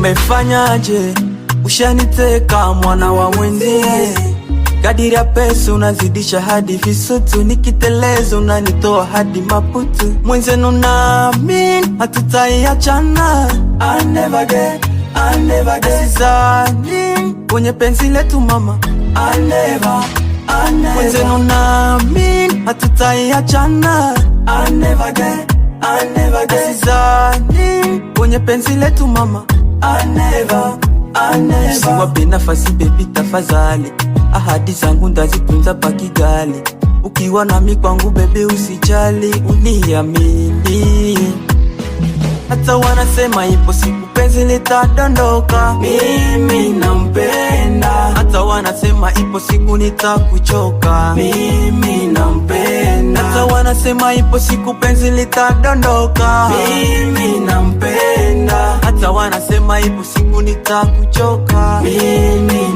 Umefanyaje? Ushaniteka mwana wa mwenzie, kadiri ya pesa unazidisha hadi visutu, nikiteleza unanitoa hadi Maputu. Mwenzenu nami hatutaiachana, sizani kwenye penzi letu mama, mwenzenu nami hatutaiachana sizani kwenye penzi letu mama Ah, ah, Siwape nafasi bebi, tafadhali, ahadi zangu ndazitunza pa Ukiwa nami kwangu bebi, usijali, uniamini. Hata wanasema ipo siku penzi litadondoka, mimi nampenda. Hata wanasema ipo siku nitakuchoka, mimi nampenda. Hata wanasema ipo siku penzi litadondoka, mimi Nasema ipo siku nitakuchoka mimi